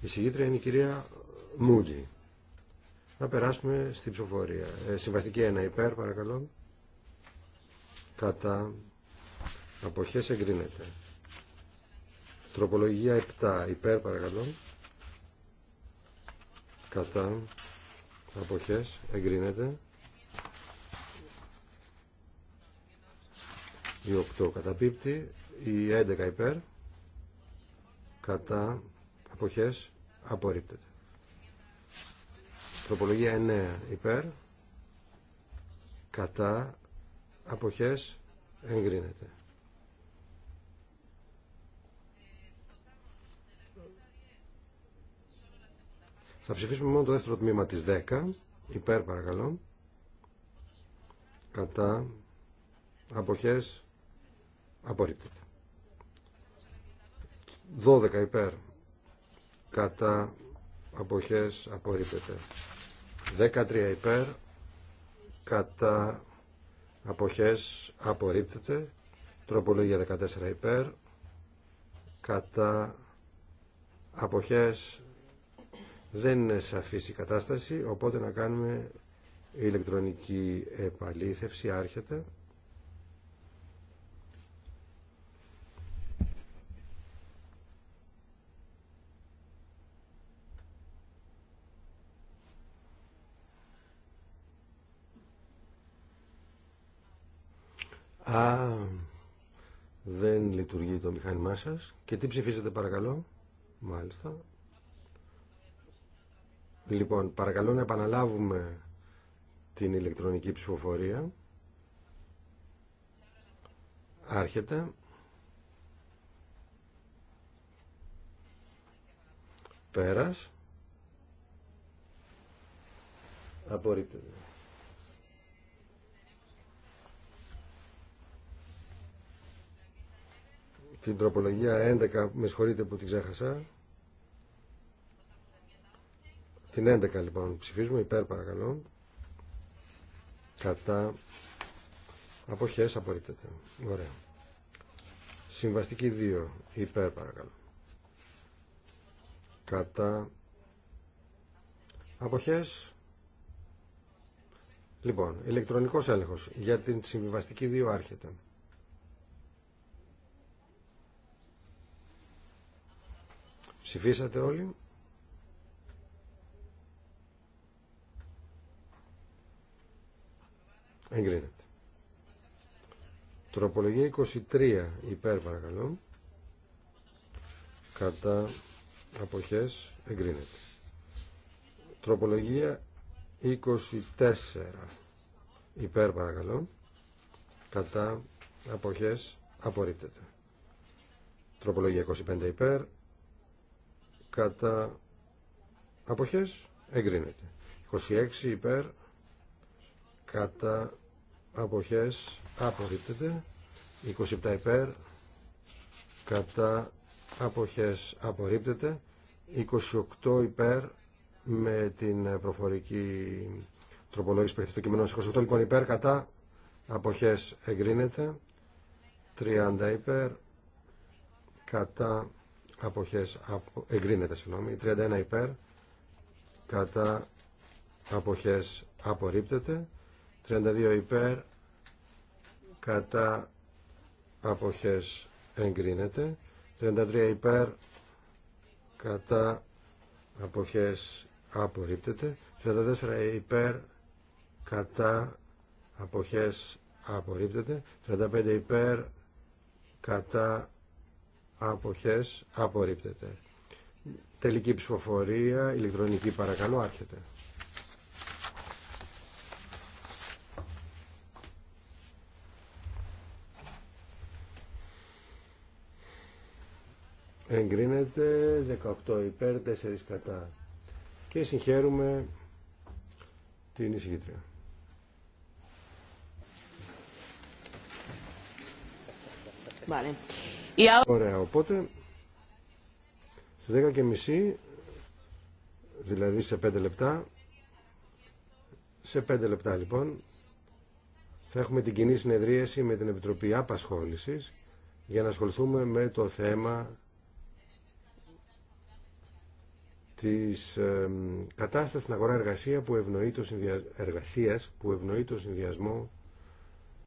Η συγγήτρια είναι η κυρία Μούτζη. Να περάσουμε στην ψηφοφορία. Ε, συμβαστική 1 υπέρ, παρακαλώ. Κατά αποχές εγκρίνεται. Τροπολογία 7 υπέρ, παρακαλώ. Κατά αποχές εγκρίνεται. Η 8 καταπίπτει. Η 11 υπέρ. Κατά εποχές απορρίπτεται. Τροπολογία 9 υπέρ κατά αποχές εγκρίνεται. Θα ψηφίσουμε μόνο το δεύτερο τμήμα της 10 υπέρ παρακαλώ κατά αποχές απορρίπτεται. 12 υπέρ κατά αποχές απορρίπτεται 13 υπέρ κατά αποχές απορρίπτεται τροπολογία 14 υπέρ κατά αποχές δεν είναι σαφής η κατάσταση οπότε να κάνουμε ηλεκτρονική επαλήθευση άρχεται Α, δεν λειτουργεί το μηχάνημά σας. Και τι ψηφίζετε παρακαλώ. Μάλιστα. Λοιπόν, παρακαλώ να επαναλάβουμε την ηλεκτρονική ψηφοφορία. Άρχεται. Πέρας. Απορρίπτεται. την τροπολογία 11, με συγχωρείτε που την ξέχασα. Την 11 λοιπόν ψηφίζουμε υπέρ παρακαλώ. Κατά αποχές απορρίπτεται. Ωραία. Συμβαστική 2 υπέρ παρακαλώ. Κατά αποχές Λοιπόν, ηλεκτρονικός έλεγχος για την συμβαστική 2 άρχεται. Ψηφίσατε όλοι. Εγκρίνεται. Τροπολογία 23 υπέρ παρακαλώ. Κατά αποχές εγκρίνεται. Τροπολογία 24 υπέρ παρακαλώ. Κατά αποχές απορρίπτεται. Τροπολογία 25 υπέρ κατά αποχές εγκρίνεται 26 υπέρ κατά αποχές απορρίπτεται 27 υπέρ κατά αποχές απορρίπτεται 28 υπέρ με την προφορική τροπολόγηση που έχει το κείμενο 28 λοιπόν υπέρ κατά αποχές εγκρίνεται 30 υπέρ κατά αποχές εγκρίνεται συγγνώμη 31 υπέρ κατά αποχές απορρίπτεται 32 υπέρ κατά αποχές εγκρίνεται 33 υπέρ κατά αποχές απορρίπτεται 34 υπέρ κατά αποχές απορρίπτεται 35 υπέρ κατά αποχές απορρίπτεται. Τελική ψηφοφορία, ηλεκτρονική παρακαλώ, άρχεται. Εγκρίνεται 18 υπέρ 4 κατά. Και συγχαίρουμε την εισηγήτρια. βαλε Ωραία, οπότε στις 10 και μισή, δηλαδή σε 5 λεπτά, σε 5 λεπτά λοιπόν, θα έχουμε την κοινή συνεδρίαση με την Επιτροπή Απασχόλησης για να ασχοληθούμε με το θέμα της κατάστασης στην αγορά εργασία που ευνοεί το εργασίας που ευνοεί το συνδυασμό